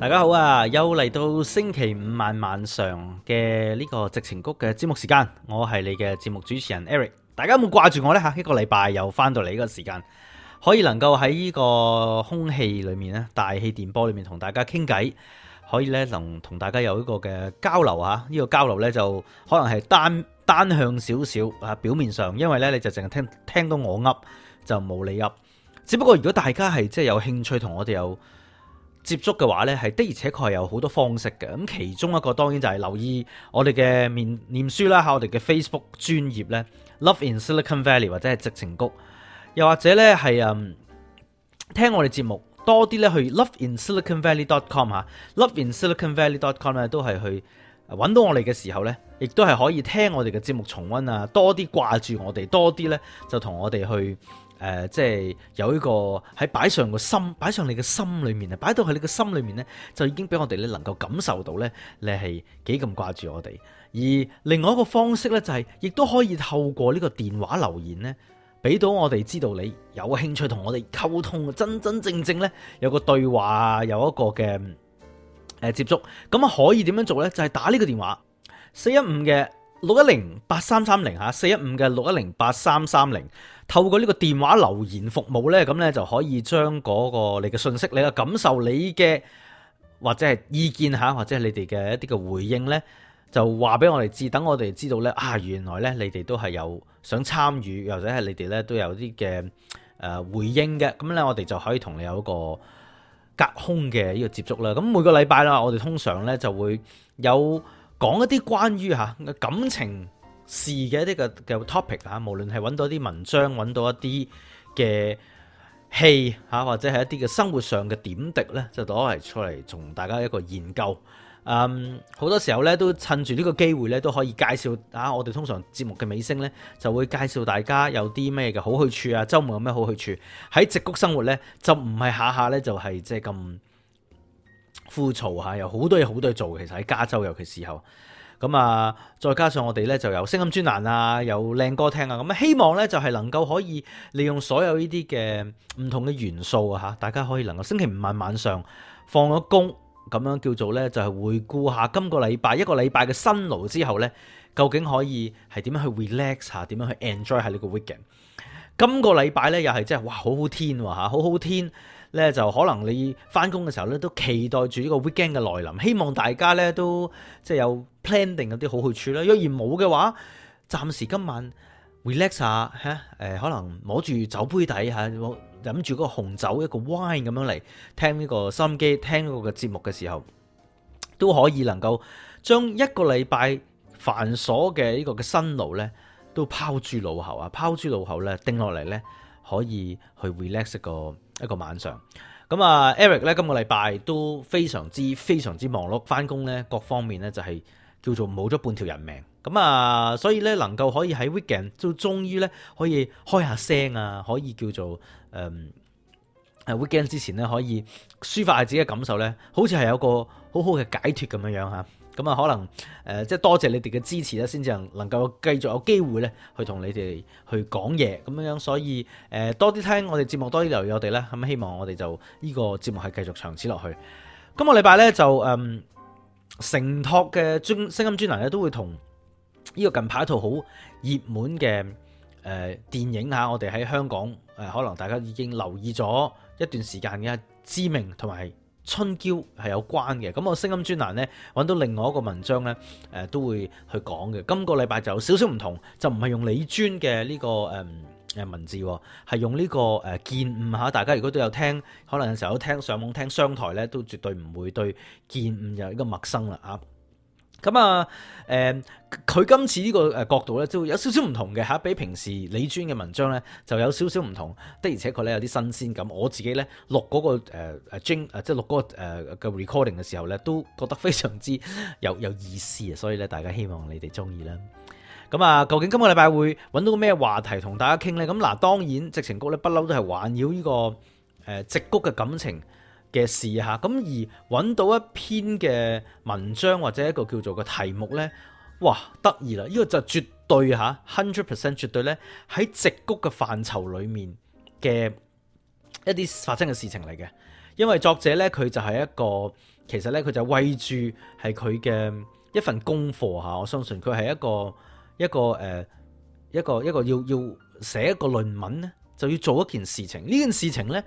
大家好啊！又嚟到星期五晚晚上嘅呢個矽情谷嘅節目時間，我係你嘅節目主持人 Eric。大家有冇掛住我咧吓？一個禮拜又翻到嚟呢個時間，可以能夠喺呢個空氣裏面咧、大氣電波裏面同大家傾偈，可以咧能同大家有一個嘅交流吓。呢、啊這個交流咧就可能係單單向少少啊。表面上，因為咧你就淨係聽聽到我噏，就冇你噏。只不過如果大家係即係有興趣同我哋有。接觸嘅話呢，係的而且確係有好多方式嘅。咁其中一個當然就係留意我哋嘅面念書啦，我哋嘅 Facebook 專頁呢 Love in Silicon Valley 或者係矽情谷，又或者呢係、嗯、聽我哋節目多啲呢去 Love in Silicon Valley dot com Love in Silicon Valley dot com 咧都係去揾到我哋嘅時候呢，亦都係可以聽我哋嘅節目重温啊，多啲掛住我哋，多啲呢就同我哋去。誒、呃，即係有一個喺擺上個心，擺上你嘅心裏面啊，擺到喺你嘅心裏面呢，就已經俾我哋能夠感受到呢，你係幾咁掛住我哋。而另外一個方式呢，就係、是、亦都可以透過呢個電話留言呢，俾到我哋知道你有個興趣同我哋溝通，真真正正呢，有個對話，有一個嘅誒接觸。咁可以點樣做呢？就係、是、打呢個電話四一五嘅。六一零八三三零吓，四一五嘅六一零八三三零，透過呢個電話留言服務咧，咁咧就可以將嗰個你嘅信息、你嘅感受、你嘅或者係意見吓，或者係你哋嘅一啲嘅回應咧，就話俾我哋知，等我哋知道咧，啊，原來咧你哋都係有想參與，或者係你哋咧都有啲嘅誒回應嘅，咁咧我哋就可以同你有一個隔空嘅呢個接觸啦。咁每個禮拜啦，我哋通常咧就會有。講一啲關於嚇感情事嘅一啲嘅嘅 topic 嚇，無論係揾到一啲文章，揾到一啲嘅戲嚇，或者係一啲嘅生活上嘅點滴咧，就攞嚟出嚟同大家一個研究。嗯，好多時候咧都趁住呢個機會咧，都可以介紹啊。我哋通常節目嘅尾聲咧，就會介紹大家有啲咩嘅好去處啊。周末有咩好去處？喺矽谷生活咧，就唔係下下咧就係即係咁。枯燥嚇，有好多嘢，好多嘢做。其實喺加州，尤其時候咁啊，再加上我哋咧就有聲音專欄啊，有靚歌聽啊。咁希望咧就係能夠可以利用所有呢啲嘅唔同嘅元素啊嚇，大家可以能夠星期五晚晚上放咗工咁樣叫做咧，就係回顧下今個禮拜一個禮拜嘅辛勞之後咧，究竟可以係點樣去 relax 下，點樣去 enjoy 下呢個 weekend。今個禮拜咧又係真係哇，好好天喎嚇，好好天。咧就可能你翻工嘅時候咧，都期待住呢個 weekend 嘅來臨，希望大家咧都即係有 planning 嗰啲好去處啦。若然冇嘅話，暫時今晚 relax 下嚇，誒可能摸住酒杯底嚇，飲住個紅酒一個 wine 咁樣嚟聽呢個收音機，聽呢個節目嘅時候，都可以能夠將一個禮拜繁瑣嘅呢個嘅辛勞咧，都拋諸腦後啊，拋諸腦後咧，定落嚟咧，可以去 relax 個。一個晚上，咁啊 Eric 咧，今個禮拜都非常之非常之忙碌，返工咧各方面咧就係、是、叫做冇咗半條人命，咁啊所以咧能夠可以喺 weekend 都終於咧可以開下聲啊，可以叫做誒喺 weekend 之前咧可以抒發下自己嘅感受咧，好似係有個好好嘅解脫咁樣樣吓。咁啊，可能誒，即係多謝你哋嘅支持咧，先至能夠繼續有機會咧，去同你哋去講嘢咁樣。所以誒，多啲聽我哋節目，多啲留意我哋咧，咁希望我哋就呢個節目係繼續長此落去。今個禮拜咧就誒承、嗯、托嘅專聲音專欄咧，都會同呢個近排一套好熱門嘅誒電影嚇，我哋喺香港誒，可能大家已經留意咗一段時間嘅知名同埋，春嬌係有關嘅，咁我聲音專欄呢，揾到另外一個文章呢，呃、都會去講嘅。今個禮拜就有少少唔同，就唔係用李尊嘅呢、這個、嗯、文字，係用呢、這個誒見悟嚇大家。如果都有聽，可能有時候都聽上網聽商台呢，都絕對唔會對見悟有呢個陌生啦咁啊，誒、呃，佢今次呢個誒角度咧，就有少少唔同嘅，嚇，比平時李尊嘅文章咧，就有少少唔同的，而且佢咧有啲新鮮感。我自己咧錄嗰、那個誒誒尊，誒、呃、即係錄嗰、那個嘅 recording 嘅時候咧，都覺得非常之有有意思啊！所以咧，大家希望你哋中意啦。咁啊，究竟今個禮拜會揾到個咩話題同大家傾咧？咁嗱、啊，當然矽情谷咧不嬲都係環繞呢、這個誒、呃、矽谷嘅感情。嘅事吓，咁而揾到一篇嘅文章或者一個叫做嘅題目咧，哇！得意啦，呢、這個就絕對吓 hundred percent 絕對咧，喺矽谷嘅範疇裏面嘅一啲發生嘅事情嚟嘅。因為作者咧，佢就係一個其實咧，佢就為住係佢嘅一份功課吓，我相信佢係一個一個誒、呃、一個一個要要寫一個論文咧，就要做一件事情。呢件事情咧，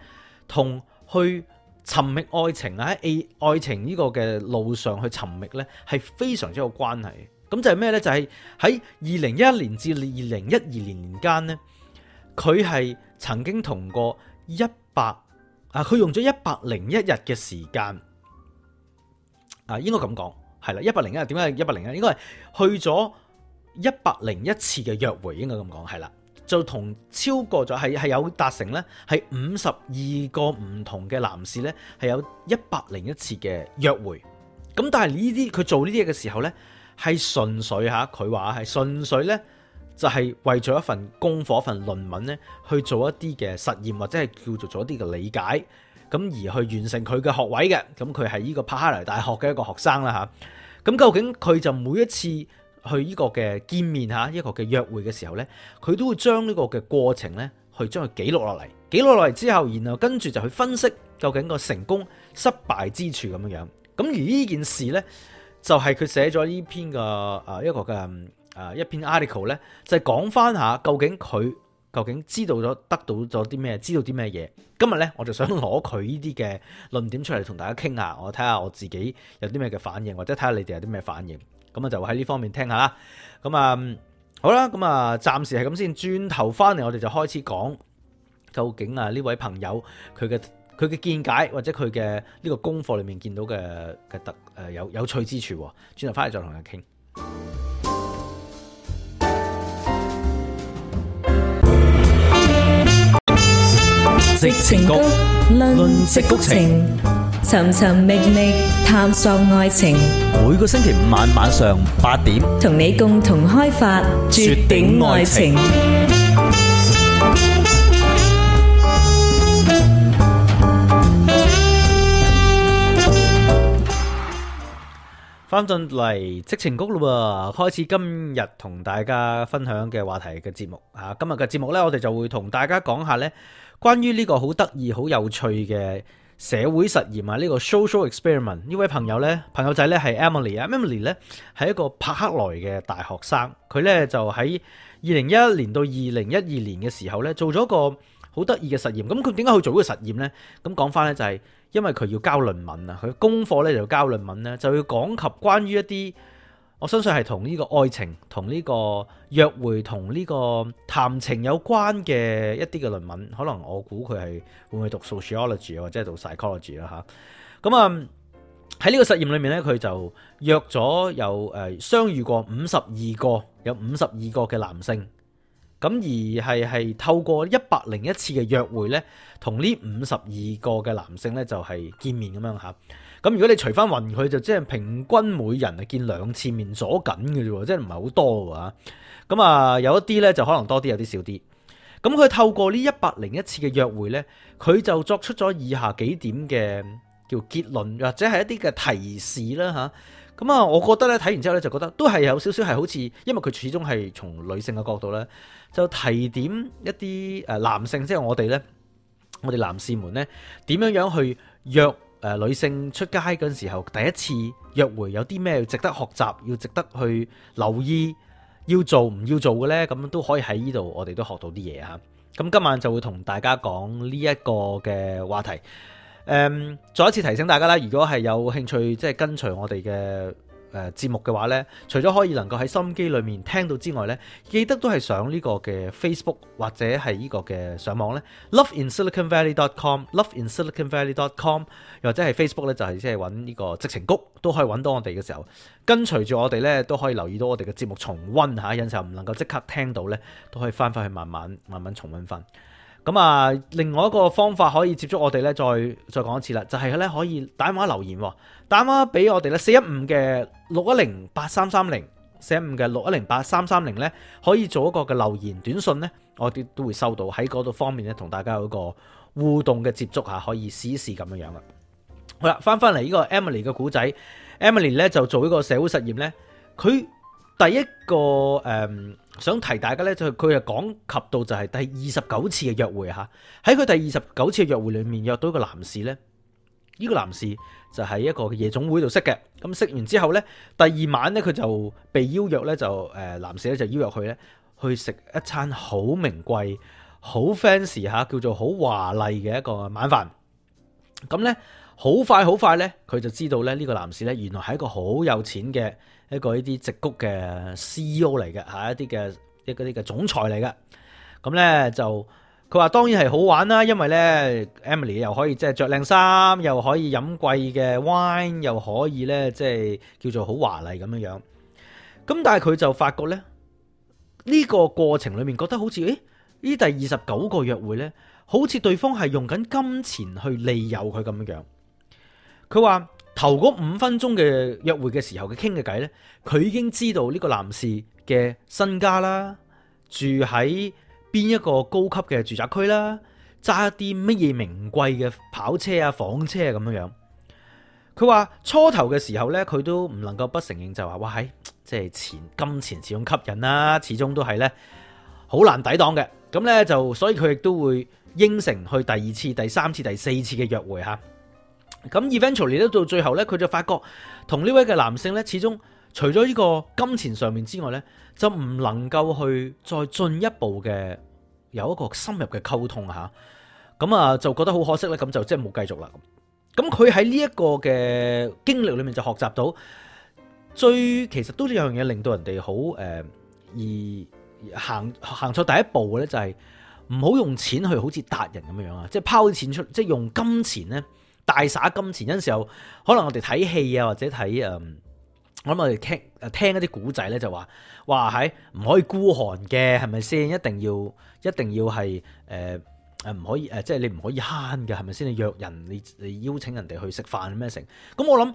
同去。尋覓愛情啊！喺愛情呢個嘅路上去尋覓呢，係非常之有關係。咁就係咩呢？就係喺二零一一年至二零一二年間呢，佢係曾經同過一百啊，佢用咗一百零一日嘅時間啊，應該咁講係啦。一百零一日點解係一百零一日？101，應該係去咗一百零一次嘅約會，應該咁講係啦。就同超過咗係有達成咧，係五十二個唔同嘅男士咧，係有一百零一次嘅約會。咁但係呢啲佢做呢啲嘢嘅時候咧，係純粹嚇佢話係純粹咧，就係為咗一份功課、一份論文咧，去做一啲嘅實驗或者係叫做做一啲嘅理解，咁而去完成佢嘅學位嘅。咁佢係呢個柏克萊大學嘅一個學生啦嚇。咁究竟佢就每一次，去呢個嘅見面吓，一個嘅約會嘅時候呢，佢都會將呢個嘅過程呢，去將佢記錄落嚟，記錄落嚟之後，然後跟住就去分析究竟個成功失敗之處咁樣樣。咁而呢件事呢，就係佢寫咗呢篇嘅誒一個嘅誒一篇 article 呢，就係講翻下究竟佢究竟知道咗得到咗啲咩，知道啲咩嘢。今日呢，我就想攞佢呢啲嘅論點出嚟同大家傾下，我睇下我自己有啲咩嘅反應，或者睇下你哋有啲咩反應。咁啊，就喺呢方面聽下啦。咁啊，好啦，咁啊，暫時係咁先。轉頭翻嚟，我哋就開始講究竟啊呢位朋友佢嘅佢嘅見解，或者佢嘅呢個功課裏面見到嘅嘅特誒有有趣之處。轉頭翻嚟再同佢傾。尋尋覓覓，探索愛情。每個星期五晚晚上八點，同你共同開發絕頂愛情。翻進嚟矽情谷咯，開始今日同大家分享嘅話題嘅節目啊！今日嘅節目呢，我哋就會同大家講下呢，關於呢個好得意、好有趣嘅。社會實驗啊，呢個 social experiment 呢位朋友呢，朋友仔呢，係 Emily 啊，Emily 呢，係一個柏克萊嘅大學生，佢呢，就喺二零一一年到二零一二年嘅時候呢，做咗個好得意嘅實驗，咁佢點解去做呢個實驗呢？咁講翻呢，就係因為佢要交論文啊，佢功課呢，就交論文呢，就要講及關於一啲。我相信係同呢個愛情、同呢個約會、同呢個談情有關嘅一啲嘅論文，可能我估佢係會唔會讀 sociology 或者係讀 psychology 啦吓。咁啊喺呢個實驗裏面咧，佢就約咗有誒、呃、相遇過五十二個有五十二個嘅男性，咁而係係透過一百零一次嘅約會咧，同呢五十二個嘅男性咧就係見面咁樣吓。咁如果你除翻混佢就即係平均每人啊見兩次面阻緊嘅啫喎，即係唔係好多喎。咁啊有一啲呢，就可能多啲，有啲少啲。咁、嗯、佢透過呢一百零一次嘅約會呢，佢就作出咗以下幾點嘅叫結論，或者係一啲嘅提示啦吓，咁、嗯、啊，我覺得呢，睇完之後呢，就覺得都係有少少係好似，因為佢始終係從女性嘅角度呢，就提點一啲誒、呃、男性，即係我哋呢，我哋男士們呢，點樣樣去約。呃、女性出街嗰陣時候，第一次約會有啲咩值得學習，要值得去留意，要做唔要做嘅呢？咁都可以喺呢度，我哋都學到啲嘢嚇。咁、嗯、今晚就會同大家講呢一個嘅話題，嗯。再一次提醒大家啦，如果係有興趣，即係跟隨我哋嘅。誒節目嘅話呢，除咗可以能夠喺手機裏面聽到之外呢，記得都係上呢個嘅 Facebook 或者係呢個嘅上網呢，loveinsiliconvalley.com loveinsiliconvalley.com 或者係 Facebook 呢，就係即係揾呢個矽情谷都可以揾到我哋嘅時候，跟隨住我哋呢，都可以留意到我哋嘅節目重温下，有時候唔能夠即刻聽到呢，都可以翻返去慢慢慢慢重温翻。咁啊，另外一個方法可以接觸我哋咧，再再講一次啦，就係咧可以打電話留言，打電話俾我哋咧四一五嘅六一零八三三零，四一五嘅六一零八三三零咧，可以做一個嘅留言短信咧，我哋都會收到喺嗰度方面咧，同大家有一個互動嘅接觸嚇，可以試一試咁樣樣啦。好啦，翻翻嚟呢個 Emily 嘅故仔，Emily 咧就做一個社會實驗咧，佢第一個誒。嗯想提大家咧，就佢係講及到就係第二十九次嘅約會嚇，喺佢第二十九次嘅約會裏面約到一個男士咧，呢個男士就喺一個夜總會度識嘅，咁識完之後咧，第二晚咧佢就被邀約咧就誒男士咧就邀約佢咧去食一餐好名貴、好 fancy 叫做好華麗嘅一個晚飯。咁咧好快好快咧，佢就知道咧呢個男士咧原來係一個好有錢嘅。一個呢啲矽谷嘅 C E O 嚟嘅吓，一啲嘅一啲嘅總裁嚟嘅，咁咧就佢話當然係好玩啦，因為咧 Emily 又可以即係着靚衫，又可以飲貴嘅 wine，又可以咧即係叫做好華麗咁樣樣。咁但係佢就發覺咧呢、呢個過程裏面覺得好似誒呢第二十九個約會咧，好似對方係用緊金錢去利誘佢咁樣樣。佢話。頭嗰五分鐘嘅約會嘅時候，佢傾嘅偈呢，佢已經知道呢個男士嘅身家啦，住喺邊一個高級嘅住宅區啦，揸啲乜嘢名貴嘅跑車啊、房車啊咁樣樣。佢話初頭嘅時候呢，佢都唔能夠不承認就話，哇，係即係錢金錢始終吸引啦，始終都係呢，好難抵擋嘅。咁呢，就所以佢亦都會應承去第二次、第三次、第四次嘅約會吓。咁 eventually 到最後咧，佢就發覺同呢位嘅男性咧，始終除咗呢個金錢上面之外咧，就唔能夠去再進一步嘅有一個深入嘅溝通吓咁啊，就覺得好可惜咧，咁就即係冇繼續啦。咁，佢喺呢一個嘅經歷裏面就學習到最其實都有樣嘢令到人哋好誒而行行錯第一步嘅咧，就係唔好用錢去好似達人咁樣啊，即係拋錢出，即係用金錢咧。大灑金錢嗰陣時候，可能我哋睇戲啊，或者睇誒、嗯，我諗我哋聽誒聽一啲古仔咧，就話話係唔可以孤寒嘅，係咪先？一定要一定要係誒誒唔可以誒，即、呃、係、就是、你唔可以慳嘅，係咪先？你約人，你你邀請人哋去食飯咩成？咁我諗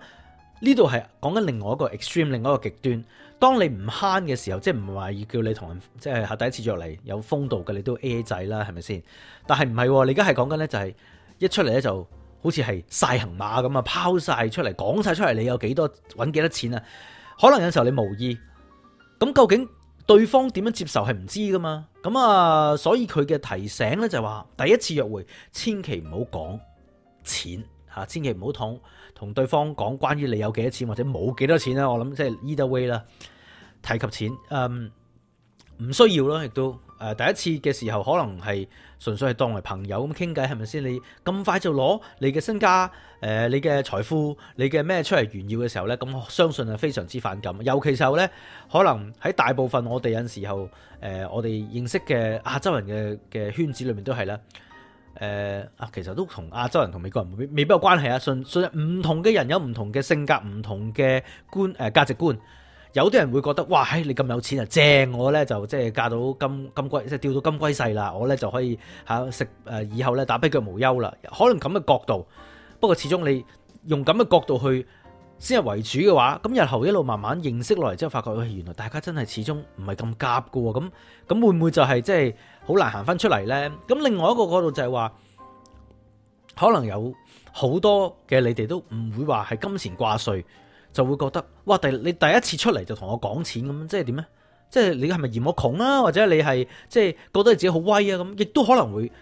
呢度係講緊另外一個 extreme，另外一個極端。當你唔慳嘅時候，即係唔係話要叫你同人即係、就是、第一次約嚟有風度嘅，你都 A A 制啦，係咪先？但係唔係你而家係講緊咧，就係一出嚟咧就。好似係晒行馬咁啊，拋晒出嚟，講晒出嚟，你有幾多，揾幾多錢啊？可能有時候你無意，咁究竟對方點樣接受係唔知噶嘛？咁啊，所以佢嘅提醒呢，就話，第一次約會，千祈唔好講錢吓，千祈唔好同同對方講關於你有幾多錢或者冇幾多錢啊。我諗即係 either way 啦，提及錢，嗯，唔需要咯，亦都。誒第一次嘅時候，可能係純粹係當為朋友咁傾偈，係咪先？你咁快就攞你嘅身家、誒、呃、你嘅財富、你嘅咩出嚟炫耀嘅時候呢？咁我相信係非常之反感。尤其係呢，可能喺大部分我哋有時候誒、呃，我哋認識嘅亞洲人嘅嘅圈子裏面都係啦。誒、呃、啊，其實都同亞洲人同美國人未必，未必有關係啊。純粹唔同嘅人有唔同嘅性格、唔同嘅觀誒價值觀。有啲人會覺得，哇！你咁有錢啊，正我呢就即係嫁到金金龜，即係釣到金龜婿啦，我呢就可以嚇食誒，以後呢打跛腳無憂啦，可能咁嘅角度，不過始終你用咁嘅角度去先係為主嘅話，咁日後一路慢慢認識落嚟，之後發覺，喂，原來大家真係始終唔係咁夾㗎喎。咁咁會唔會就係即係好難行返出嚟呢？咁另外一個角度就係話，可能有好多嘅你哋都唔會話係金錢掛帥。就會覺得，哇！第你第一次出嚟就同我講錢咁，即係點呢？即係你係咪嫌我窮啊？或者你係即係覺得你自己好威啊？咁亦都可能會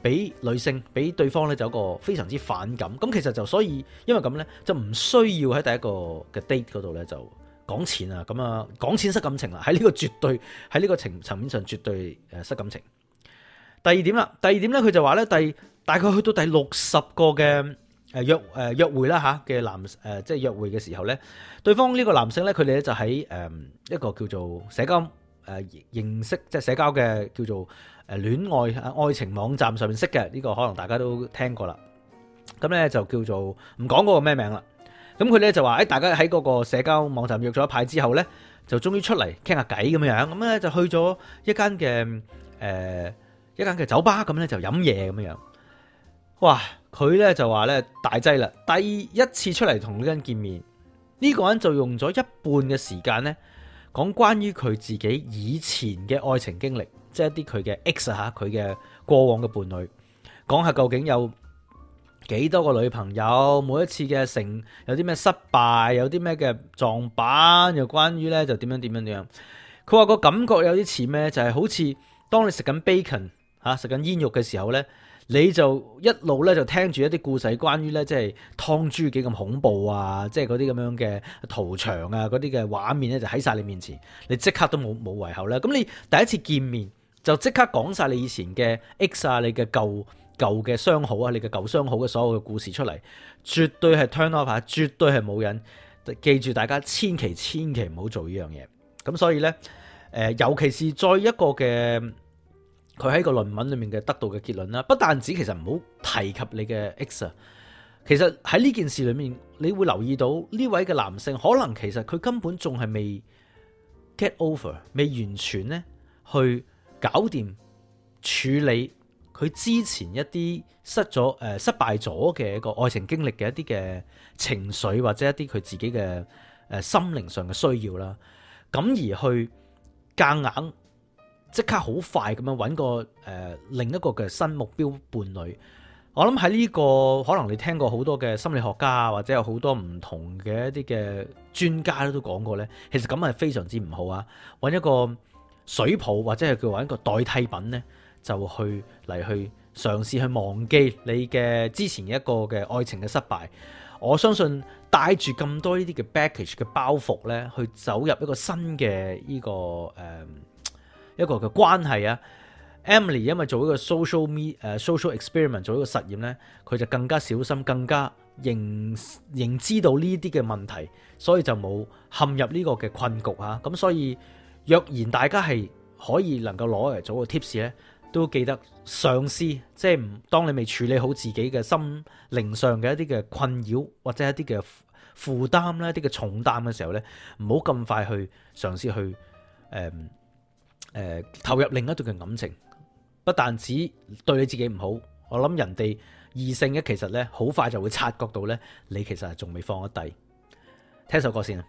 俾女性，俾對方咧就有一個非常之反感。咁其實就所以因為咁呢，就唔需要喺第一個嘅 date 嗰度呢就講錢啊，咁啊講錢失感情啦。喺呢個絕對喺呢個層層面上絕對誒失感情。第二點啦，第二點呢，佢就話呢，第大概去到第六十個嘅。誒約誒約會啦嚇嘅男誒即係約會嘅時候咧，對方呢個男性咧，佢哋咧就喺誒一個叫做社交誒認識即係社交嘅叫做誒戀愛愛情網站上面識嘅，呢個可能大家都聽過啦。咁咧就叫做唔講嗰個咩名啦。咁佢咧就話誒，大家喺嗰個社交網站約咗一排之後咧，就終於出嚟傾下偈咁樣樣，咁咧就去咗一間嘅誒一間嘅酒吧，咁咧就飲嘢咁樣樣。哇！佢咧就話咧大劑啦，第一次出嚟同呢個人見面，呢個人就用咗一半嘅時間咧，講關於佢自己以前嘅愛情經歷，即係一啲佢嘅 ex 吓，佢嘅過往嘅伴侶，講下究竟有幾多個女朋友，每一次嘅成有啲咩失敗，有啲咩嘅撞板，又關於咧就點樣點樣點樣。佢話個感覺有啲似咩，就係、是、好似當你食緊 bacon 吓、啊，食緊煙肉嘅時候咧。你就一路咧就聽住一啲故事，關於咧即係劏豬幾咁恐怖啊，即係嗰啲咁樣嘅屠場啊，嗰啲嘅畫面咧就喺晒你面前，你即刻都冇冇胃口啦。咁你第一次見面就即刻講晒你以前嘅 X 啊，你嘅舊舊嘅相好啊，你嘅舊相好嘅所有嘅故事出嚟，絕對係 turn off 啊，絕對係冇人。記住大家千祈千祈唔好做呢樣嘢。咁所以咧、呃，尤其是再一個嘅。佢喺個論文裏面嘅得到嘅結論啦，不但止其實唔好提及你嘅 X 啊，其實喺呢件事裏面，你會留意到呢位嘅男性，可能其實佢根本仲係未 get over，未完全咧去搞掂處理佢之前一啲失咗誒、呃、失敗咗嘅一個愛情經歷嘅一啲嘅情緒或者一啲佢自己嘅誒、呃、心靈上嘅需要啦，咁而去夾硬。即刻好快咁樣揾個、呃、另一個嘅新目標伴侶，這個，我諗喺呢個可能你聽過好多嘅心理學家或者有好多唔同嘅一啲嘅專家都講過呢，其實咁係非常之唔好啊！揾一個水泡或者係佢揾一個代替品呢，就去嚟去嘗試去忘記你嘅之前一個嘅愛情嘅失敗。我相信帶住咁多呢啲嘅 backage 嘅包袱呢，去走入一個新嘅呢、這個、呃一個嘅關係啊，Emily 因為做一個 social me 誒 social experiment 做一個實驗咧，佢就更加小心，更加認認知道呢啲嘅問題，所以就冇陷入呢個嘅困局啊。咁所以若然大家係可以能夠攞嚟做一個 tips 咧，都記得上司，即係唔當你未處理好自己嘅心靈上嘅一啲嘅困擾或者一啲嘅負擔咧，一啲嘅重擔嘅時候咧，唔好咁快去嘗試去誒。嗯誒、呃、投入另一段嘅感情，不但止對你自己唔好，我諗人哋異性嘅其實咧，好快就會察覺到咧，你其實係仲未放得低。聽首歌先啊。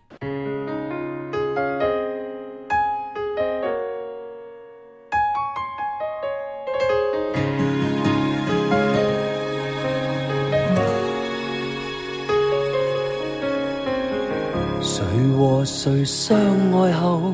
誰和誰相愛後，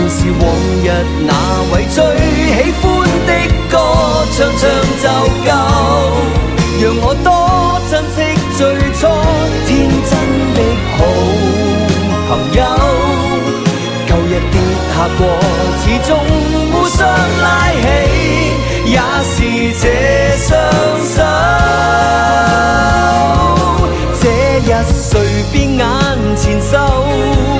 正是往日那位最喜歡的歌，唱唱就夠。讓我多珍惜最初天真的好朋友。舊日跌下過，始終互相拉起，也是這雙手。這日隨便眼前收。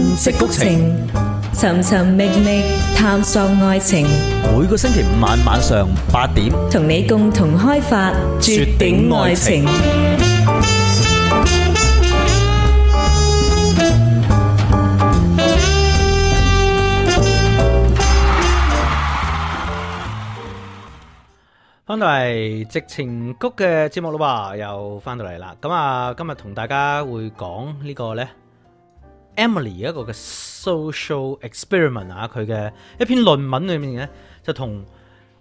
矽情谷尋尋覓覓探索愛情，每個星期五晚晚上八點，同你共同開發絕頂愛情。翻到嚟矽情谷嘅節目啦吧，又翻到嚟啦。咁啊，今日同大家會講呢個呢。Emily 一個嘅 social experiment 啊，佢嘅一篇論文裏面咧，就同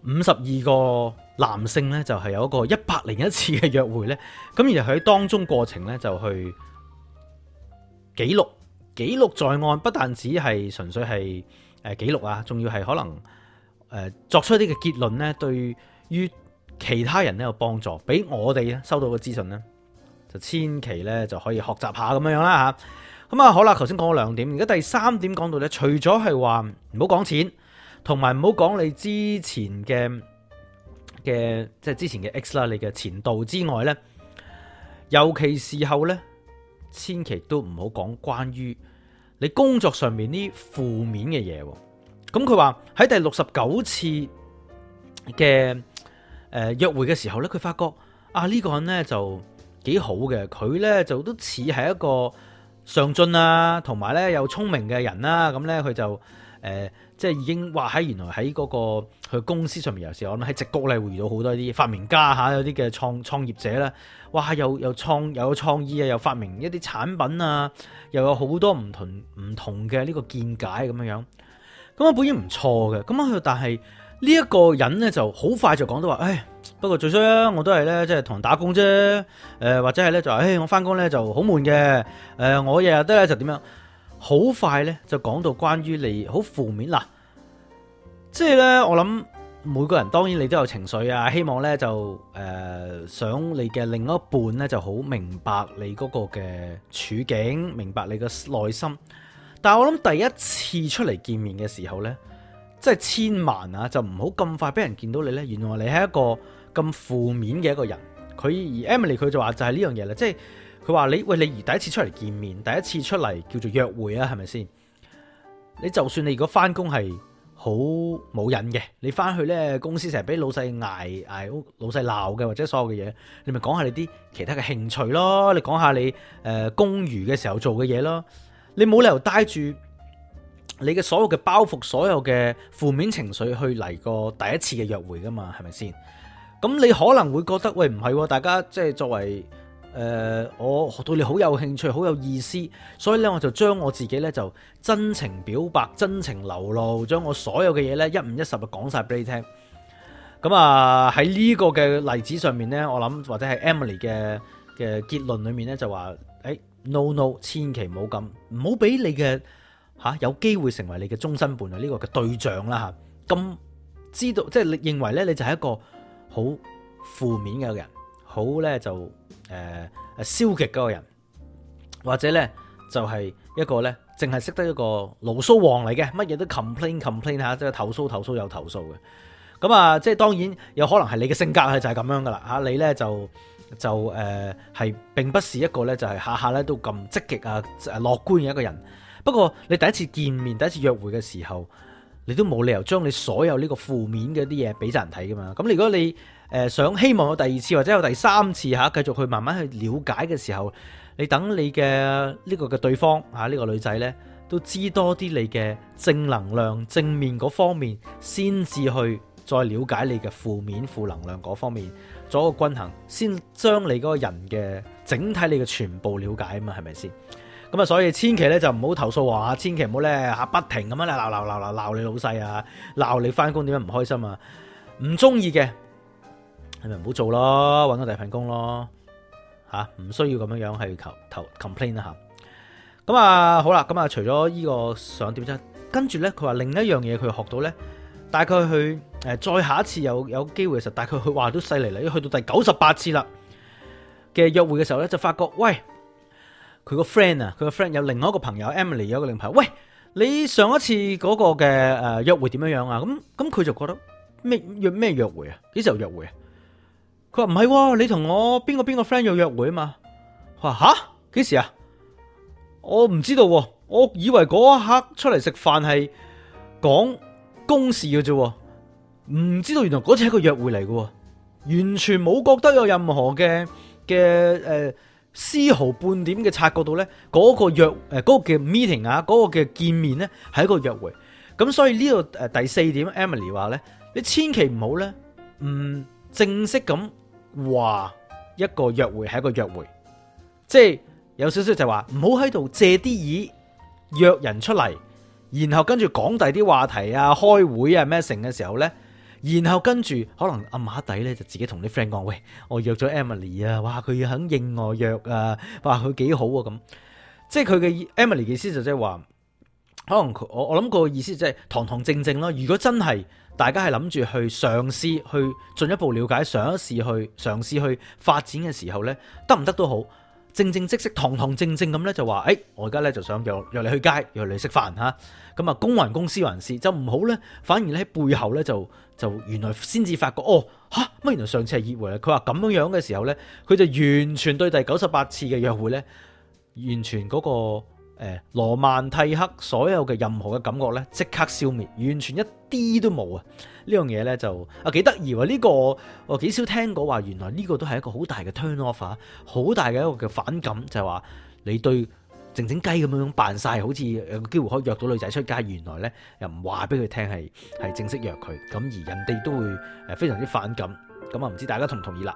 五十二個男性咧，就係有一個一百零一次嘅約會咧。咁而喺當中過程咧，就去記錄記錄在案，不但止係純粹係誒記錄啊，仲要係可能誒作出一啲嘅結論咧，對於其他人咧有幫助。俾我哋收到嘅資訊咧，就千祈咧就可以學習下咁樣啦嚇。咁啊，好啦，頭先講咗兩點，而家第三點講到咧，除咗係話唔好講錢，同埋唔好講你之前嘅嘅即係之前嘅 X 啦，你嘅前度之外咧，尤其事後咧，千祈都唔好講關於你工作上面啲負面嘅嘢。咁佢話喺第六十九次嘅誒、呃、約會嘅時候咧，佢發覺啊呢、呢個人咧就幾好嘅，佢咧就都似係一個。上進啊，同埋咧有呢聰明嘅人啦、啊，咁咧佢就、呃、即係已經哇喺原來喺嗰、那個佢公司上面有時我諗喺矽谷嚟遇到好多啲發明家嚇、啊，有啲嘅創創業者啦哇又又創又有創意啊，又發明一啲產品啊，又有好多唔同唔同嘅呢個見解咁樣樣，咁啊本應唔錯嘅，咁啊佢但係。呢、這、一個人呢就好快就講到話，誒、哎、不過最衰啊，我都係呢，即係同人打工啫，誒、呃、或者係呢，就話，誒、哎、我返工呢就好悶嘅，誒、呃、我日日都咧就點樣，好快呢，就講到關於你好負面嗱、啊，即係呢，我諗每個人當然你都有情緒啊，希望呢，就誒、呃、想你嘅另一半呢就好明白你嗰個嘅處境，明白你嘅內心，但係我諗第一次出嚟見面嘅時候呢。即係千萬啊，就唔好咁快俾人見到你呢。原來你係一個咁負面嘅一個人。佢而 Emily 佢就話就係呢樣嘢啦。即係佢話你，喂，你而第一次出嚟見面，第一次出嚟叫做約會啊，係咪先？你就算你如果翻工係好冇癮嘅，你翻去呢公司成日俾老細捱老捱老老細鬧嘅，或者所有嘅嘢，你咪講下你啲其他嘅興趣咯。你講下你誒工餘嘅時候做嘅嘢咯。你冇理由帶住。你嘅所有嘅包袱，所有嘅負面情緒，去嚟個第一次嘅約會㗎嘛，係咪先？咁你可能會覺得喂，唔係喎，大家即係作為、呃、我對你好有興趣，好有意思，所以咧我就將我自己咧就真情表白、真情流露，將我所有嘅嘢咧一五一十嘅講晒俾你聽。咁啊，喺呢個嘅例子上面咧，我諗或者係 Emily 嘅嘅結論裡面咧就話：哎、欸、no no，千祈唔好咁，唔好俾你嘅。吓、啊，有機會成為你嘅終身伴侶呢、這個嘅對象啦嚇。咁、啊、知道即係你認為咧，你就係一個好負面嘅人，好咧就誒誒、呃、消極嗰個人，或者咧就係、是、一個咧淨係識得一個牢騷王嚟嘅，乜嘢都 complain complain 嚇，即係投訴投訴又投訴嘅。咁啊，即係、啊、當然有可能係你嘅性格係就係咁樣噶啦嚇。你咧就就誒係、呃、並不是一個咧就係下下咧都咁積極啊誒樂觀嘅一個人。不過你第一次見面，第一次約會嘅時候，你都冇理由將你所有呢個負面嘅啲嘢俾人睇噶嘛？咁如果你誒想、呃、希望有第二次或者有第三次吓、啊，繼續去慢慢去了解嘅時候，你等你嘅呢個嘅對方吓呢個女仔呢，都知多啲你嘅正能量，正面嗰方面，先至去再了解你嘅負面、負能量嗰方面做一個均衡，先將你嗰個人嘅整體你嘅全部了解啊嘛？係咪先？咁啊，所以千祈咧就唔好投訴話，千祈唔好咧吓，不停咁樣鬧鬧鬧鬧鬧你老細啊，鬧你翻工點樣唔開心啊，唔中意嘅，係咪唔好做咯，搵到第二份工咯，吓，唔需要咁樣樣去求投 complain 啦吓。咁啊好啦，咁啊除咗呢個想點啫，跟住咧佢話另一樣嘢佢學到咧，大概去誒再下一次有有機會嘅時候，大概佢話都犀利啦，去到第九十八次啦嘅約會嘅時候咧，就發覺喂。佢個 friend 啊，佢個 friend 有另外一個朋友 Emily 有另一個朋友，喂，你上一次嗰個嘅誒約會點樣樣啊？咁咁佢就覺得咩約咩約會啊？幾時有約會啊？佢話唔係，你同我邊個邊個 friend 有約會啊嘛？佢話吓，幾時啊？我唔知道喎，我以為嗰一刻出嚟食飯係講公事嘅啫喎，唔知道原來嗰次係個約會嚟嘅喎，完全冇覺得有任何嘅嘅誒。絲毫半點嘅察覺到呢，嗰、嗰個約誒，嗰、嗰個嘅 meeting 啊，嗰個嘅見面呢，係一個約會，咁所以呢度第四點，Emily 話呢，你千祈唔好呢，唔正式咁話一個約會係一個約會，即係有少少就話唔好喺度借啲意約人出嚟，然後跟住講第啲話題啊，開會啊咩成嘅時候呢。然後跟住可能暗啞抵咧就自己同啲 friend 講，喂，我約咗 Emily 啊，哇，佢肯應我約啊，哇，佢幾好啊，咁，即係佢嘅 Emily 嘅意思就即係話，可能我我諗個意思即係堂堂正正啦。如果真係大家係諗住去嘗試，去進一步了解，嘗一試去嘗試去發展嘅時候咧，得唔得都好。正正式式、堂堂正正咁咧就話，誒、哎，我而家咧就想約約你去街，約你食飯吓，咁啊公還公私還事就唔好咧，反而咧喺背後咧就就原來先至發覺，哦吓，乜、啊、原來上次係熱回啦，佢話咁樣樣嘅時候咧，佢就完全對第九十八次嘅約會咧，完全嗰、那個。誒羅曼蒂克所有嘅任何嘅感覺咧，即刻消滅，完全一啲都冇啊！呢樣嘢咧就啊幾得意喎，呢個我幾少聽過話，原來呢個都係一個好大嘅 turn off，好大嘅一個嘅反感，就係話你對靜靜雞咁樣扮曬，好似有個機會可以約到女仔出街，原來咧又唔話俾佢聽係正式約佢，咁而人哋都會誒非常之反感，咁啊唔知大家同唔同意啦？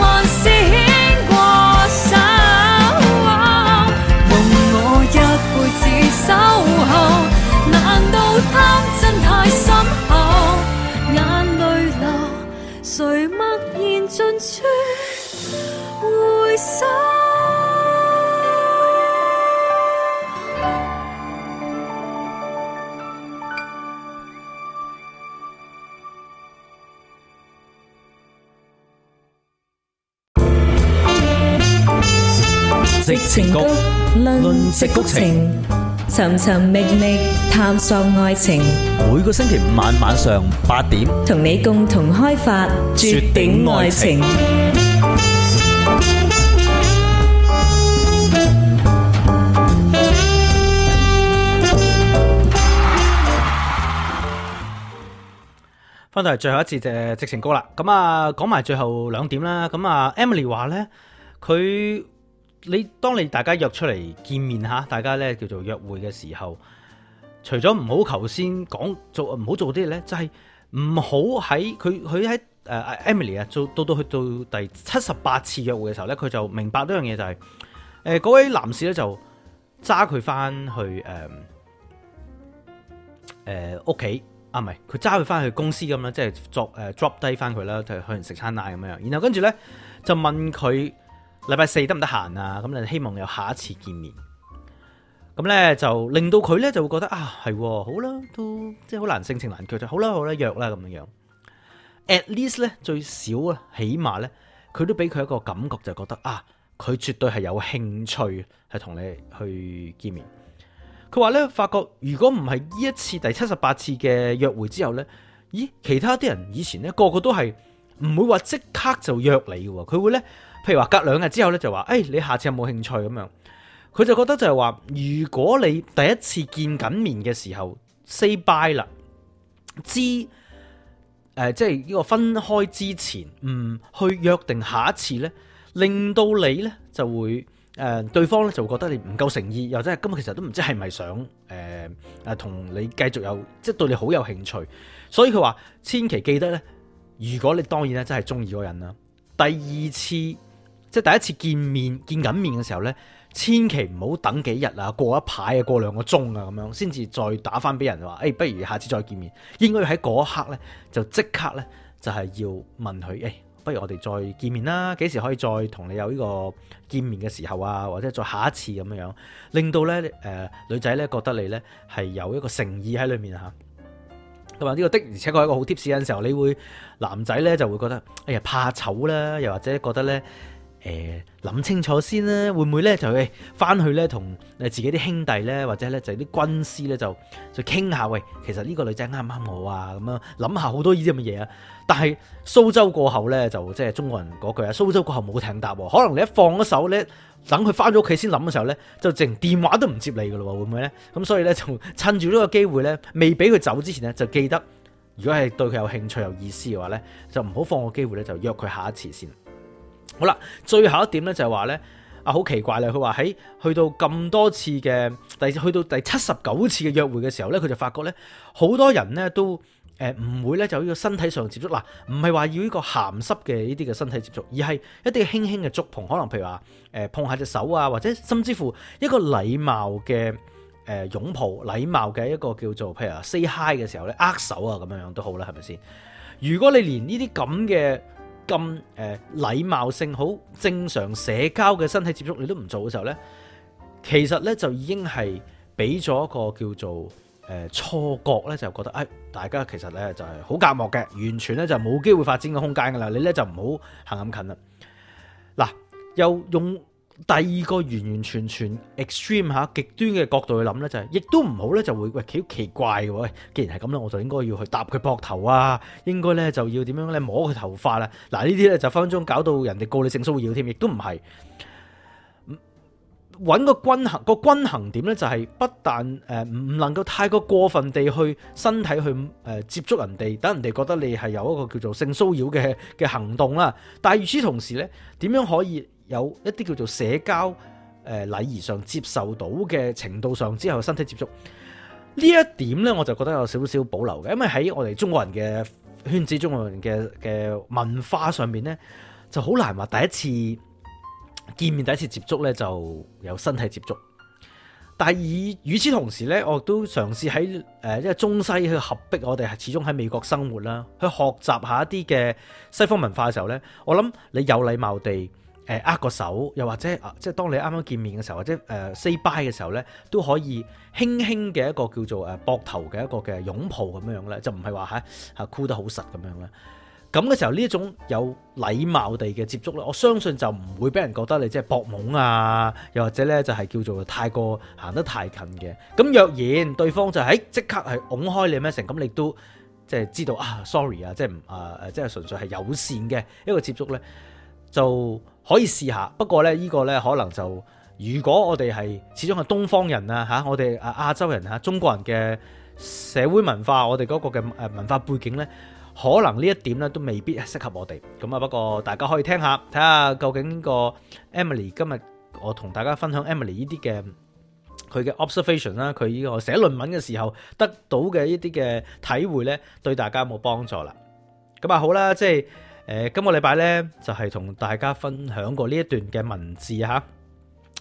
情歌，論情谷情，尋尋覓覓探索愛情。每個星期五晚晚上八點，同你共同開發絕頂愛情。翻到嚟最後一次嘅矽情谷啦，咁啊，講埋最後兩點啦，咁啊，Emily 話咧，佢。你當你大家約出嚟見面吓，大家咧叫做約會嘅時候，除咗唔好頭先講做唔好做啲嘢咧，就係唔好喺佢佢喺誒 Emily 啊，到到到去到第七十八次約會嘅時候咧，佢就明白呢樣嘢就係誒嗰位男士咧就揸佢翻去誒誒屋企啊，唔係佢揸佢翻去公司咁啦，即係作誒 drop 低翻佢啦，就去人食餐奶咁樣樣，然後跟住咧就問佢。禮拜四得唔得閒啊？咁你希望有下一次見面。咁咧就令到佢咧就會覺得啊係、啊、好啦，都即係好難，盛情難卻就好啦好啦，約啦咁樣樣。At least 咧最少啊，起碼咧佢都俾佢一個感覺，就覺得啊，佢絕對係有興趣係同你去見面。佢話咧發覺，如果唔係呢一次第七十八次嘅約會之後咧，咦其他啲人以前咧個個都係唔會話即刻就約你嘅喎，佢會咧。譬如話隔兩日之後咧就話，誒、哎、你下次有冇興趣咁樣？佢就覺得就係話，如果你第一次見緊面嘅時候 say bye 啦，知，誒即係呢個分開之前唔去約定下一次咧，令到你咧就會誒、呃、對方咧就會覺得你唔夠誠意，又真係今日其實都唔知係咪想誒誒同你繼續有即係、就是、對你好有興趣，所以佢話千祈記得咧，如果你當然咧真係中意嗰人啦，第二次。即係第一次見面、見緊面嘅時候咧，千祈唔好等幾日啊、過一排啊、過兩個鐘啊咁樣，先至再打翻俾人話，誒、欸，不如下次再見面。應該要喺嗰一刻咧，就即刻咧，就係、是、要問佢，誒、欸，不如我哋再見面啦，幾時可以再同你有呢個見面嘅時候啊，或者再下一次咁樣，令到咧、呃，女仔咧覺得你咧係有一個誠意喺裏面嚇。同埋呢個的，而且確係一個好貼士嘅時候，你會男仔咧就會覺得，哎、欸、呀，怕醜啦，又或者覺得咧。誒諗清楚先啦，會唔會咧就去翻去咧同誒自己啲兄弟咧，或者咧就啲軍師咧就就傾下喂，其實呢個女仔啱唔啱我啊？咁樣諗下好多呢啲咁嘅嘢啊！但係蘇州過後咧，就即係中國人嗰句啊，蘇州過後冇艇搭喎。可能你一放咗手咧，等佢翻咗屋企先諗嘅時候咧，就直情電話都唔接你噶啦喎，會唔會咧？咁所以咧就趁住呢個機會咧，未俾佢走之前咧，就記得如果係對佢有興趣、有意思嘅話咧，就唔好放個機會咧，就約佢下一次先。好啦，最後一點咧就係話咧，啊好奇怪啦！佢話喺去到咁多次嘅，第去到第七十九次嘅約會嘅時候咧，佢就發覺咧，好多人咧都誒唔會咧就依個身體上接觸，啦唔係話要呢個鹹濕嘅呢啲嘅身體接觸，而係一啲輕輕嘅觸碰，可能譬如話誒碰下隻手啊，或者甚至乎一個禮貌嘅誒擁抱，禮貌嘅一個叫做譬如話 say hi 嘅時候咧握手啊咁樣樣都好啦，係咪先？如果你連呢啲咁嘅，咁誒，禮貌性好正常社交嘅身體接觸，你都唔做嘅時候呢，其實呢就已經係俾咗一個叫做誒錯覺呢就覺得誒、哎、大家其實呢就係好隔膜嘅，完全呢就冇機會發展嘅空間噶啦，你呢就唔好行咁近啦。嗱，又用。第二個完完全全 extreme 吓極端嘅角度去諗呢，就係、是、亦都唔好呢，就會喂奇奇怪嘅，既然係咁啦，我就應該要去搭佢膊頭啊，應該呢就要點樣呢？摸佢頭髮啦。嗱呢啲呢就分分鐘搞到人哋告你性騷擾添，亦都唔係。搵個均衡個均衡點呢，就係不但誒唔能夠太過過分地去身體去誒接觸人哋，等人哋覺得你係有一個叫做性騷擾嘅嘅行動啦。但係與此同時呢，點樣可以？有一啲叫做社交誒禮儀上接受到嘅程度上之後，身體接觸呢一點呢，我就覺得有少少保留嘅，因為喺我哋中國人嘅圈子，中國人嘅嘅文化上面呢，就好難話第一次見面、第一次接觸呢就有身體接觸。但係以與此同時呢，我都嘗試喺誒，因為中西去合璧，我哋係始終喺美國生活啦，去學習下一啲嘅西方文化嘅時候呢，我諗你有禮貌地。誒握個手，又或者啊，即係當你啱啱見面嘅時候，或者誒 say bye 嘅時候咧，都可以輕輕嘅一個叫做誒膊頭嘅一個嘅擁抱咁樣咧，就唔係話嚇嚇箍得好實咁樣咧。咁嘅時候呢一種有禮貌地嘅接觸咧，我相信就唔會俾人覺得你即係搏懵啊，又或者咧就係叫做太過行得太近嘅。咁若然對方就喺、是、即、哎、即刻係擁開你咩成，咁你都即係知道啊，sorry 啊，即係唔啊即係純粹係友善嘅一個接觸咧，就。可以試下，不過咧呢個咧可能就，如果我哋係始終係東方人啊嚇，我哋亞洲人啊，中國人嘅社會文化，我哋嗰個嘅誒文化背景咧，可能呢一點咧都未必係適合我哋。咁啊不過大家可以聽下，睇下究竟個 Emily 今日我同大家分享 Emily 呢啲嘅佢嘅 observation 啦，佢呢個寫論文嘅時候得到嘅一啲嘅體會咧，對大家有冇幫助啦？咁啊好啦，即係。呃、今個禮拜咧就係、是、同大家分享過呢一段嘅文字嚇、啊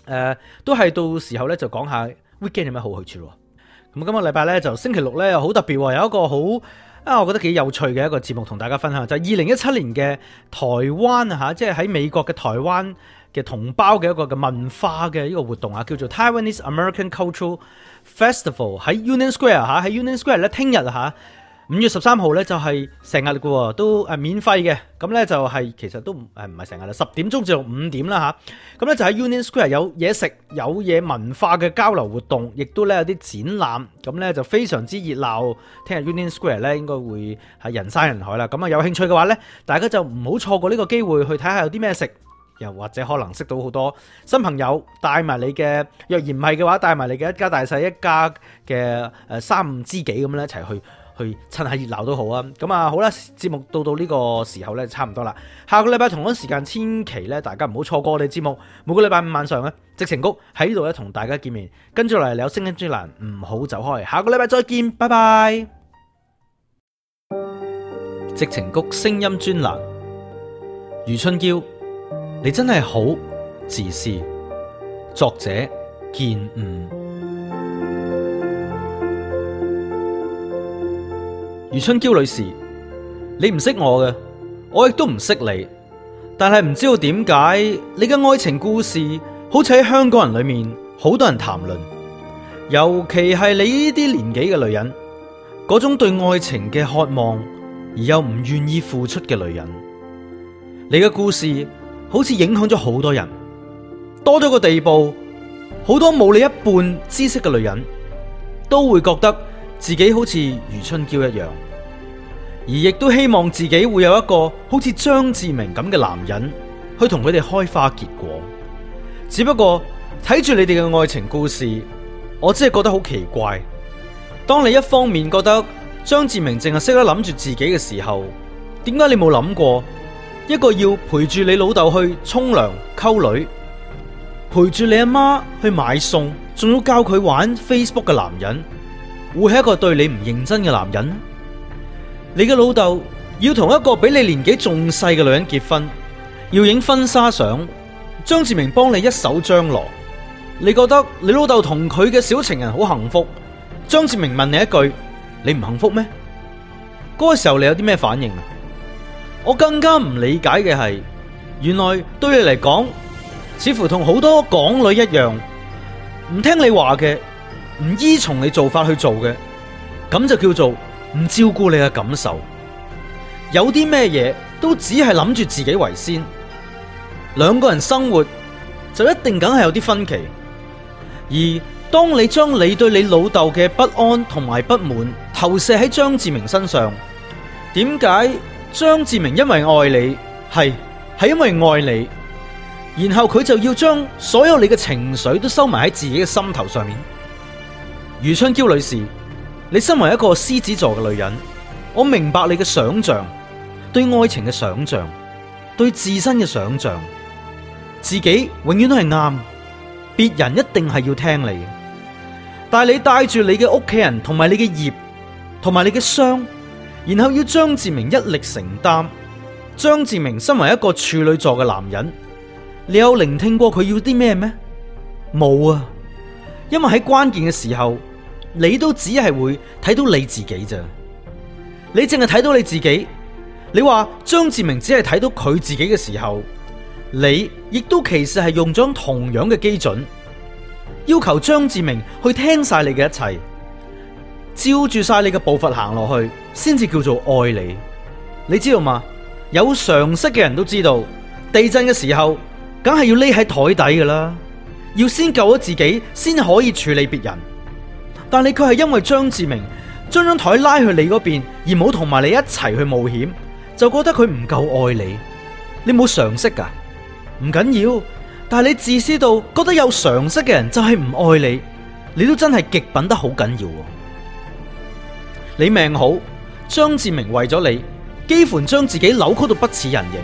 啊，都係到時候咧就講下 Weekend 有咩好去處喎。咁、嗯、今個禮拜咧就星期六咧又好特別喎，有一個好啊，我覺得幾有趣嘅一個節目同大家分享，就係二零一七年嘅台灣，即係喺美國嘅台灣嘅同胞嘅一個嘅文化嘅一個活動啊，叫做 Taiwanese American Cultural Festival 喺 Union Square 喺、啊、Union Square 咧聽日啊五月十三號咧就係成日嘅喎，都免費嘅。咁咧就係、誒、其實都唔係成日嘞，十點鐘至到五點啦吓，咁咧就喺 Union Square 有嘢食，有嘢文化嘅交流活動，亦都咧有啲展覽。咁咧就非常之熱鬧。聽日 Union Square 咧應該會係人山人海啦。咁啊有興趣嘅話咧，大家就唔好錯過呢個機會去睇下有啲咩食，又或者可能識到好多新朋友，帶埋你嘅。若然唔係嘅話，帶埋你嘅一家大細，一家嘅誒三五知己咁咧一齊去。去趁下熱鬧都好啊！咁啊，好啦，節目到到呢個時候咧，差唔多啦。下個禮拜同一時間，千祈呢，大家唔好錯過我哋節目。每個禮拜五晚上呢，矽情谷喺呢度咧同大家見面。跟住落嚟你有聲音專欄，唔好走開。下個禮拜再見，拜拜。矽情谷聲音專欄，余春嬌，你真係好自私。作者見唔？余春嬌女士，你唔識我嘅，我亦都唔識你。但係唔知道點解你嘅愛情故事，好似喺香港人裏面好多人談論，尤其係你呢啲年紀嘅女人，嗰種對愛情嘅渴望，而又唔願意付出嘅女人，你嘅故事好似影響咗好多人，多咗個地步，好多冇你一半知識嘅女人都會覺得。自己好似余春嬌一樣，而亦都希望自己會有一個好似張志明咁嘅男人去同佢哋開花結果。只不過睇住你哋嘅愛情故事，我真係覺得好奇怪。當你一方面覺得張志明淨係識得諗住自己嘅時候，點解你冇諗過一個要陪住你老豆去沖涼、溝女，陪住你阿媽去買餸，仲要教佢玩 Facebook 嘅男人？會係一個對你唔認真嘅男人？你嘅老豆要同一個比你年紀仲細嘅女人結婚，要影婚紗相，張志明幫你一手張羅，你覺得你老豆同佢嘅小情人好幸福？張志明問你一句，你唔幸福咩？嗰個時候你有啲咩反應啊？我更加唔理解嘅係，原來對你嚟講，似乎同好多港女一樣，唔聽你話嘅。唔依從你做法去做嘅，咁就叫做唔照顧你嘅感受。有啲咩嘢都只係諗住自己為先，兩個人生活就一定梗係有啲分歧。而當你將你對你老豆嘅不安同埋不滿投射喺張志明身上，點解張志明因為愛你？係，係因為愛你，然後佢就要將所有你嘅情緒都收埋喺自己嘅心頭上面。余春嬌女士，你身為一個獅子座嘅女人，我明白你嘅想象，對愛情嘅想象，對自身嘅想象，自己永遠都係啱，別人一定係要聽你嘅。但係你帶住你嘅屋企人，同埋你嘅業，同埋你嘅傷，然後要張志明一力承擔。張志明身為一個處女座嘅男人，你有聆聽過佢要啲咩咩？冇啊，因為喺關鍵嘅時候。你都只係會睇到你自己咋。你淨係睇到你自己。你話張志明只係睇到佢自己嘅時候，你亦都其實係用咗同樣嘅基準，要求張志明去聽晒你嘅一切，照住晒你嘅步伐行落去，先至叫做愛你。你知道嗎？有常識嘅人都知道，地震嘅時候，梗係要匿喺台底噶啦，要先救咗自己，先可以處理別人。但你卻係因為張志明將張枱拉去你嗰邊而冇同埋你一齊去冒險，就覺得佢唔夠愛你。你冇常識噶，唔緊要。但係你自私到覺得有常識嘅人就係唔愛你，你都真係極品得好緊要。你命好，張志明為咗你，幾乎將自己扭曲到不似人形。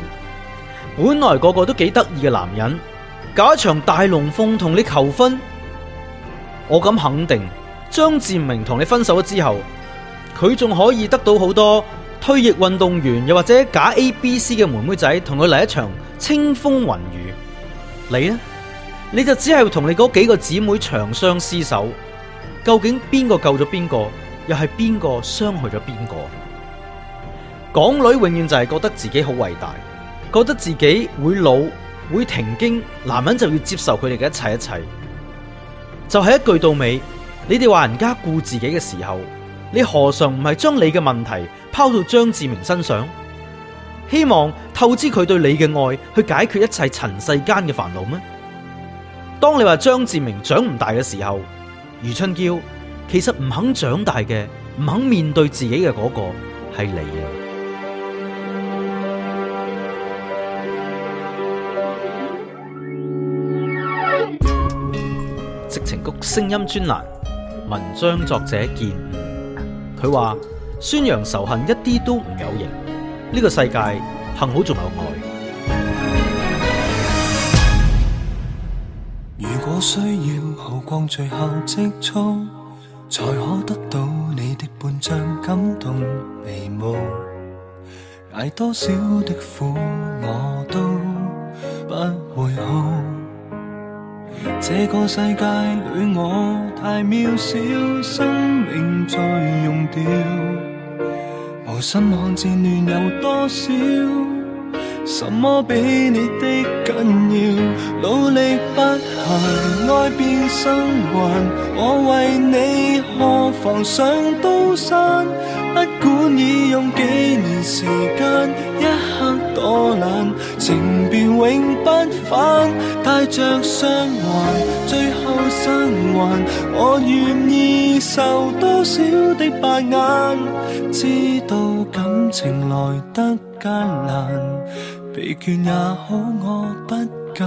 本來個個都幾得意嘅男人，搞一場大龍鳳同你求婚，我敢肯定。張志明同你分手咗之後，佢仲可以得到好多退役運動員又或者假 ABC 嘅妹妹仔同佢嚟一場清風雲雨。你呢？你就只係同你嗰幾個姊妹長相廝守。究竟邊個救咗邊個，又係邊個傷害咗邊個？港女永遠就係覺得自己好偉大，覺得自己會老會停經，男人就要接受佢哋嘅一切一切。就係一句到尾。你哋話人家顧自己嘅時候，你何嘗唔係將你嘅問題拋到張志明身上，希望透支佢對你嘅愛去解決一切塵世間嘅煩惱咩？當你話張志明長唔大嘅時候，余春嬌其實唔肯長大嘅，唔肯面對自己嘅嗰個係你嘅 矽情谷聲音專欄。文章作者，見佢話，宣揚仇恨，一啲都唔有型，呢個世界幸好仲有愛。如果需要耗光最後積蓄，才可得到你的半張感動眉毛。挨多少的苦我都不會哭。這個世界裏，我太渺小，生命在熔掉，無心看戰亂有多少，什麼比你的緊要？努力不懈，愛變生還，我為你何妨上刀山？不管已用幾年時間。一刻多難，情便永不返，帶着傷痕，最後生還，我願意受多少的白眼，知道感情來得艱難，疲倦也好，我不敢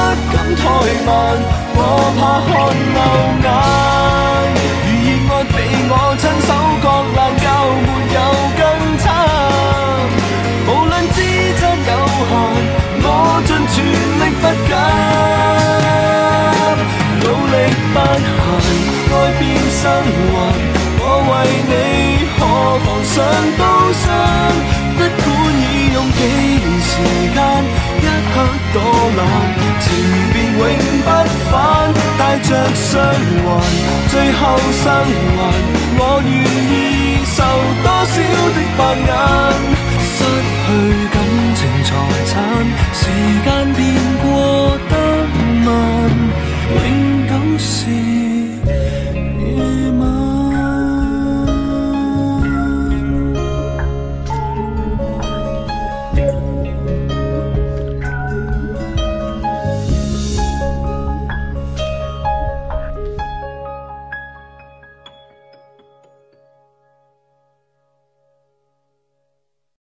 不敢怠慢，我怕看漏眼。如熱愛被我親手割爛，就沒有更差。無論資質有限，我盡全力不減，努力不行，愛變生還，我為你何妨上刀山。不管已用幾年時間，一刻躲懶。永不返，帶着傷痕，最後生還。我願意受多少的白眼，失去感情財產，時間。